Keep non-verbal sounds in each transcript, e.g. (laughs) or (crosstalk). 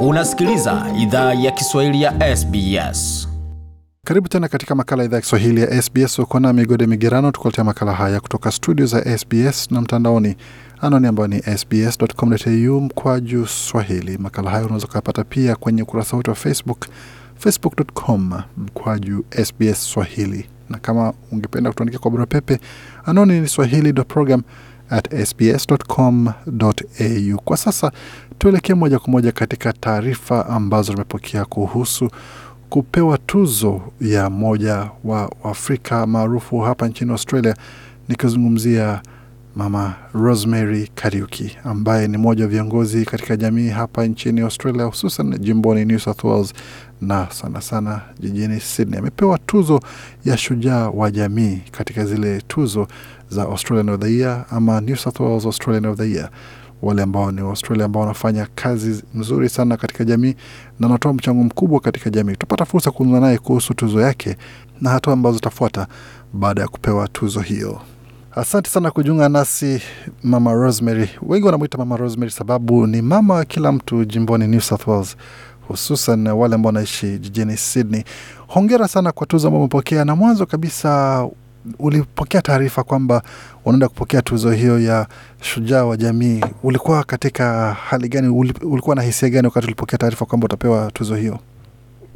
Unasikiliza idhaa ya Kiswahili ya SBS. Karibu tena katika makala idhaa ya Kiswahili ya SBS. Uko na Migode Migerano tukuletea makala haya kutoka studio za SBS na mtandaoni, anwani ambayo ni sbs.com.au juu swahili. Makala haya unaweza ukayapata pia kwenye ukurasa wetu wa Facebook, facebook.com mkwaju SBS swahili, na kama ungependa kutuandikia kwa barua pepe, anwani ni swahili at sbs.com.au. Kwa sasa tuelekee moja kwa moja katika taarifa ambazo tumepokea kuhusu kupewa tuzo ya moja wa Afrika maarufu hapa nchini Australia, nikizungumzia Mama Rosemary Kariuki ambaye ni mmoja wa viongozi katika jamii hapa nchini Australia, hususan jimboni New South Wales na sana sana jijini Sydney. Amepewa tuzo ya shujaa wa jamii katika zile tuzo za Australian of the Year ama New South Wales Australian of the Year. Wale ambao ni Australia ambao wanafanya kazi nzuri sana katika jamii na wanatoa mchango mkubwa katika jamii. Tutapata fursa kuzungumza naye kuhusu tuzo yake na hatua ambazo zitafuata baada ya kupewa tuzo hiyo. Asante sana kujiunga nasi Mama Rosemary. Wengi wanamwita Mama Rosemary sababu ni mama wa kila mtu jimboni New South Wales, hususan wale ambao wanaishi jijini Sydney. Hongera sana kwa tuzo ambao umepokea, na mwanzo kabisa ulipokea taarifa kwamba unaenda kupokea tuzo hiyo ya shujaa wa jamii, ulikuwa katika hali gani? Ulikuwa na hisia gani wakati ulipokea taarifa kwamba utapewa tuzo hiyo?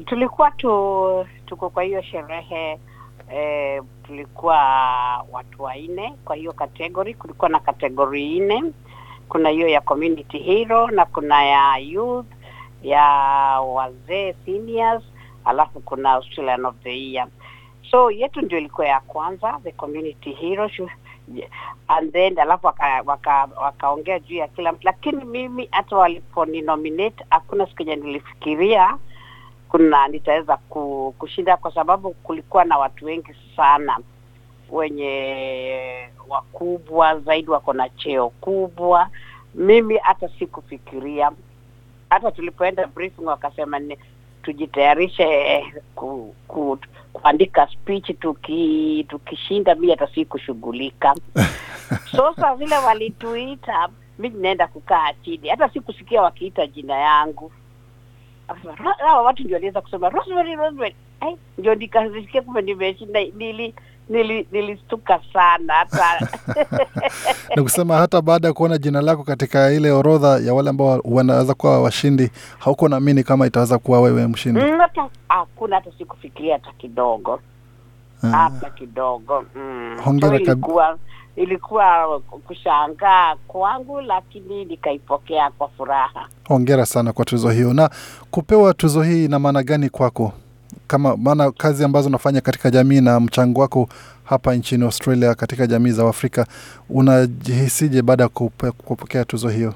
Tulikuwa tu tuko kwa hiyo sherehe eh, tulikuwa watu wanne kwa hiyo kategori. Kulikuwa na kategori nne, kuna hiyo ya community hero na kuna ya youth ya wazee seniors, alafu kuna Australian of the Year. So yetu ndio ilikuwa ya kwanza the community hero and then alafu wakaongea waka, waka juu ya kila mtu, lakini mimi hata waliponi nominate hakuna siku nilifikiria kuna nitaweza kushinda, kwa sababu kulikuwa na watu wengi sana wenye wakubwa zaidi, wako na cheo kubwa. Mimi hata sikufikiria, hata tulipoenda briefing wakasema ni tujitayarishe eh, ku, ku, kuandika speech tuki, tukishinda, mi hata sikushughulika. So (laughs) vile walituita, mi naenda kukaa chini, hata sikusikia wakiita jina yangu akasema hawa watu ndio waliweza kusema Rosemary, Rosemary. Ay, eh, ndio nikasikia kumbe nimeshinda, nili nilistuka nili sana hata (laughs) ni kusema hata baada ya kuona jina lako katika ile orodha ya wale ambao wanaweza kuwa washindi hauko naamini kama itaweza kuwa wewe mshindi mm, hakuna hata sikufikiria hata kidogo ah. hata kidogo mm. hongera, kab ilikuwa kushangaa kwangu, lakini nikaipokea kwa furaha. Hongera sana kwa tuzo hiyo. Na kupewa tuzo hii ina maana gani kwako? Kama maana kazi ambazo unafanya katika jamii na mchango wako hapa nchini Australia katika jamii za Afrika, unajihisije baada ya kupokea tuzo hiyo?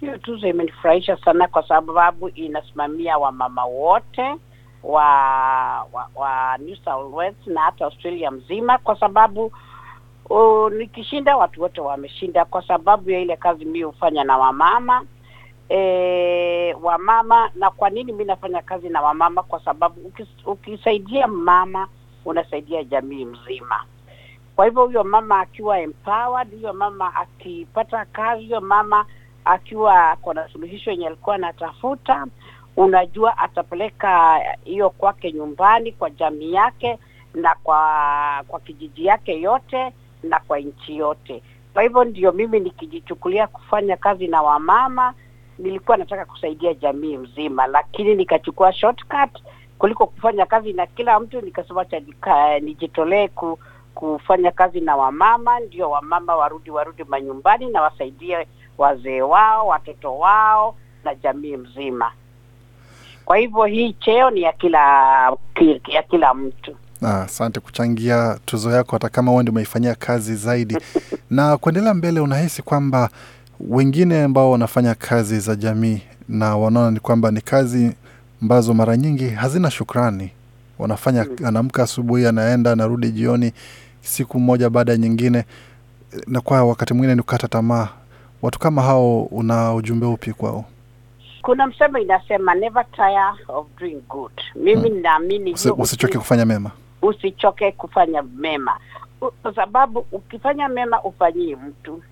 Hiyo tuzo imenifurahisha sana kwa sababu inasimamia wamama wote wa, wa, wa New South Wales na hata Australia mzima kwa sababu o, nikishinda watu wote wameshinda, kwa sababu ya ile kazi mimi hufanya na wamama e, wamama. Na kwa nini mimi nafanya kazi na wamama? Kwa sababu ukisaidia mama unasaidia jamii mzima. Kwa hivyo huyo mama akiwa empowered, huyo mama akipata kazi, huyo mama akiwa na suluhisho yenye alikuwa anatafuta, unajua atapeleka hiyo kwake nyumbani, kwa jamii yake na kwa kwa kijiji yake yote, na kwa nchi yote. Kwa hivyo ndio mimi nikijichukulia kufanya kazi na wamama, nilikuwa nataka kusaidia jamii mzima, lakini nikachukua shortcut kuliko kufanya kazi na kila mtu, nikasema cha nijitolee ku, kufanya kazi na wamama, ndio wamama warudi warudi manyumbani na wasaidie wazee wao, watoto wao na jamii mzima. Kwa hivyo hii cheo ni ya kila ya kila mtu. Asante kuchangia tuzo yako hata kama wewe ndio umeifanyia kazi zaidi. (laughs) Na kuendelea mbele, unahisi kwamba wengine ambao wanafanya kazi za jamii na wanaona ni kwamba ni kazi ambazo mara nyingi hazina shukrani, wanafanya mm. anaamka asubuhi, anaenda anarudi jioni, siku moja baada ya nyingine, na kwa wakati mwingine ni kukata tamaa. Watu kama hao, una ujumbe upi kwao? Kuna msemo inasema never tire of doing good. Mimi mm. usichoke kufanya mema usichoke kufanya mema, kwa sababu ukifanya mema ufanyie mtu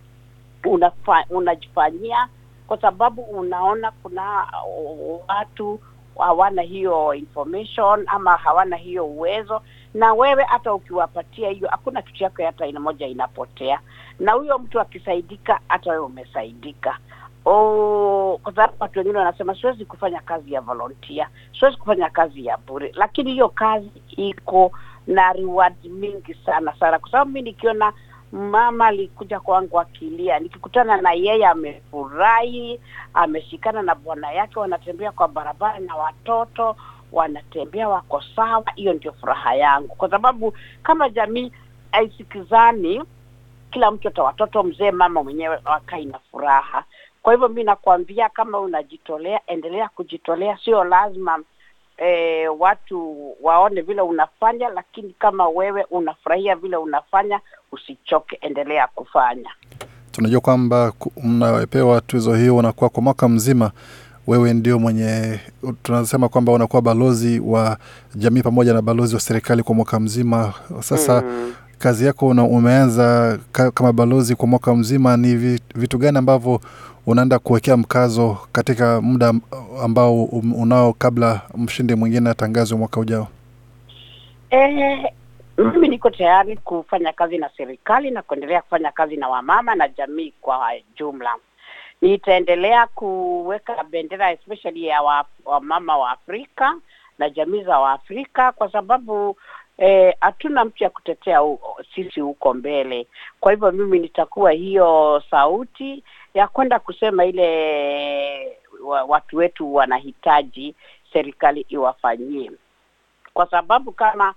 unafa, unajifanyia kwa sababu unaona kuna uh, watu hawana hiyo information ama hawana hiyo uwezo, na wewe hata ukiwapatia hiyo, hakuna kitu yako hata ina moja inapotea, na huyo mtu akisaidika, hata wewe umesaidika. Oh, kwa sababu watu wengine wanasema siwezi kufanya kazi ya volunteer, siwezi kufanya kazi ya bure, lakini hiyo kazi iko na reward mingi sana sana, kwa sababu mi nikiona mama alikuja kwangu akilia, nikikutana na yeye amefurahi, ameshikana na bwana yake, wanatembea kwa barabara na watoto wanatembea, wako sawa. Hiyo ndio furaha yangu, kwa sababu kama jamii haisikizani, kila mtu ata watoto, mzee, mama mwenyewe wakai na furaha. Kwa hivyo mi nakwambia kama unajitolea, endelea kujitolea, sio lazima E, watu waone vile unafanya, lakini kama wewe unafurahia vile unafanya, usichoke, endelea kufanya. Tunajua kwamba mnapewa tuzo hiyo, unakuwa kwa mwaka mzima wewe ndio mwenye tunasema kwamba unakuwa balozi wa jamii pamoja na balozi wa serikali kwa mwaka mzima sasa mm kazi yako una, umeanza ka, kama balozi kwa mwaka mzima, ni vitu gani ambavyo unaenda kuwekea mkazo katika muda ambao um, unao kabla mshindi mwingine atangazwe mwaka ujao? Eh, mimi niko tayari kufanya kazi na serikali na kuendelea kufanya kazi na wamama na jamii kwa jumla. Nitaendelea kuweka bendera especially ya wamama wa, wa Afrika na jamii za Waafrika kwa sababu eh, hatuna eh, mtu ya kutetea u, sisi huko mbele. Kwa hivyo mimi nitakuwa hiyo sauti ya kwenda kusema ile watu wetu wanahitaji serikali iwafanyie, kwa sababu kama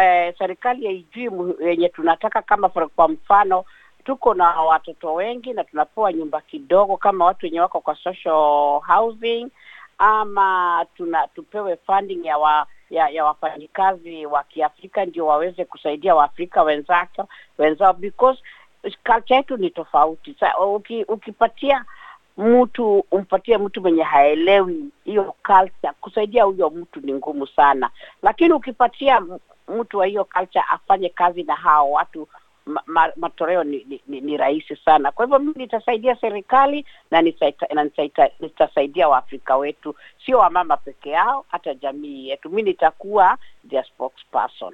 eh, serikali haijui yenye tunataka, kama kwa mfano tuko na watoto wengi na tunapewa nyumba kidogo kama watu wenye wako kwa social housing, ama tuna tupewe funding ya wa, ya, ya wafanyikazi wa Kiafrika ndio waweze kusaidia Waafrika wenzao wenzao, because culture yetu ni tofauti. Sa, uki, ukipatia mtu umpatie mtu mwenye haelewi hiyo culture, kusaidia huyo mtu ni ngumu sana, lakini ukipatia mtu wa hiyo culture afanye kazi na hao watu ma, matoleo ni, ni, ni, ni rahisi sana. Kwa hivyo mimi nitasaidia serikali na nitasaidia Waafrika wetu, sio wamama peke yao, hata jamii yetu. Mi nitakuwa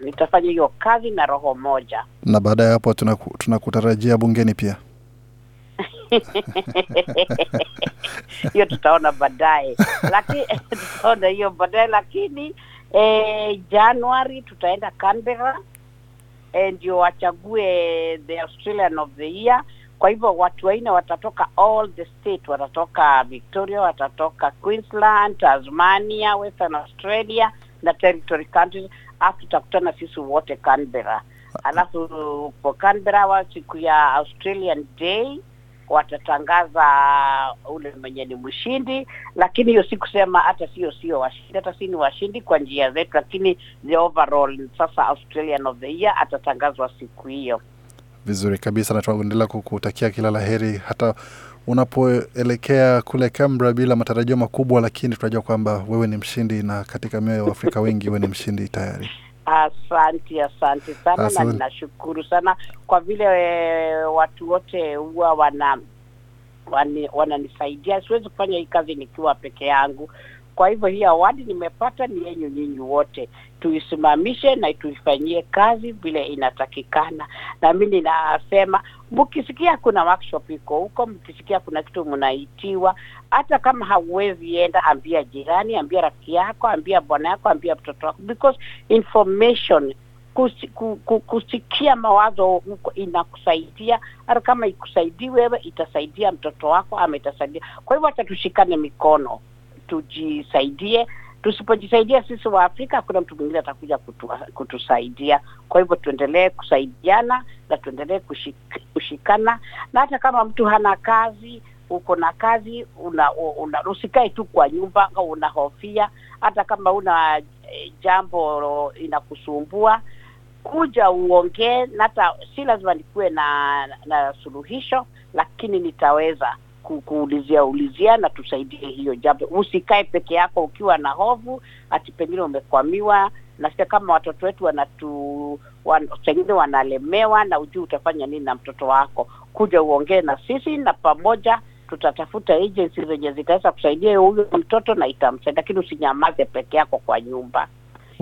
nitafanya hiyo kazi na roho moja, na baada ya hapo tunakutarajia tuna bungeni pia (laughs) hiyo tutaona baadaye, (laughs) tutaona hiyo baadaye, lakini eh, Januari tutaenda canbera Eh, ndio wachague the Australian of the Year. Kwa hivyo watu waine watatoka all the state, watatoka Victoria, watatoka Queensland, Tasmania, Western Australia na territory countries, alafu tutakutana sisi wote Canberra, alafu po Canberra wa siku ya Australian Day watatangaza ule mwenye ni mshindi, lakini hiyo si kusema hata sio sio washindi, hata si ni washindi kwa njia zetu, lakini the overall sasa Australian of the Year atatangazwa siku hiyo. Vizuri kabisa, na tunaendelea kukutakia kila la heri hata unapoelekea kule Canberra bila matarajio makubwa, lakini tunajua kwamba wewe ni mshindi, na katika mioyo ya Waafrika wengi wewe ni mshindi tayari. Asante, asante sana asante. Na ninashukuru sana kwa vile eh, watu wote huwa wana wananisaidia. Siwezi kufanya hii kazi nikiwa peke yangu. Kwa hivyo hii awadi nimepata ni yenyu nyinyi wote, tuisimamishe na tuifanyie kazi vile inatakikana. Na mi ninasema mkisikia kuna workshop iko huko, mkisikia kuna kitu mnaitiwa, hata kama hauwezi enda, ambia jirani, ambia rafiki yako, ambia bwana yako, ambia mtoto wako, because information kusikia mawazo huko inakusaidia. Hata kama ikusaidii wewe, itasaidia mtoto wako ama itasaidia. Kwa hivyo hata tushikane mikono tujisaidie. Tusipojisaidia sisi wa Afrika, hakuna mtu mwingine atakuja kutusaidia. Kwa hivyo tuendelee kusaidiana na tuendelee kushik, kushikana, na hata kama mtu hana kazi uko na kazi una, una, usikae tu kwa nyumba au unahofia. Hata kama una eh, jambo inakusumbua, kuja uongee, na hata si lazima nikuwe na, na suluhisho, lakini nitaweza kuulizia ulizia na tusaidie hiyo jambo. Usikae peke yako ukiwa na hovu ati pengine umekwamiwa, na kama watoto wetu wanatu wan, wanalemewa na ujuu utafanya nini na mtoto wako, kuja uongee na sisi, na pamoja tutatafuta agency zenye zitaweza kusaidia huyo mtoto na itamsaidia, lakini usinyamaze peke yako kwa nyumba.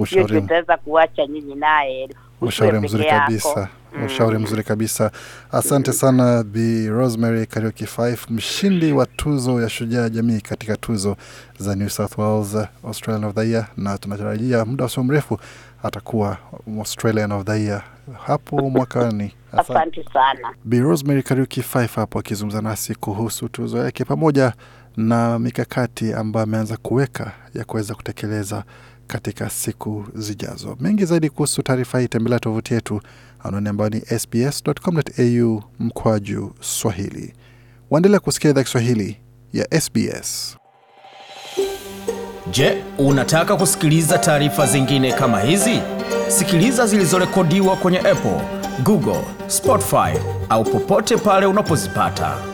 Hiyo itaweza kuacha nyinyi naye, ushauri mzuri kabisa ushauri mzuri kabisa. Asante sana Bi Rosemary Karioki Fife, mshindi wa tuzo ya shujaa jamii katika tuzo za New South Wales Australian of the Year, na tunatarajia muda usio mrefu atakuwa Australian of the Year hapo mwakani. Asante sana Bi Rosemary Kariuki Fife hapo akizungumza nasi kuhusu tuzo yake pamoja na mikakati ambayo ameanza kuweka ya kuweza kutekeleza katika siku zijazo. Mengi zaidi kuhusu taarifa hii, tembelea tovuti yetu anwani ambayo ni sbs.com.au mkwaju swahili. Waendelea kusikia idhaa Kiswahili ya SBS. Je, unataka kusikiliza taarifa zingine kama hizi? Sikiliza zilizorekodiwa kwenye Apple, Google, Spotify au popote pale unapozipata.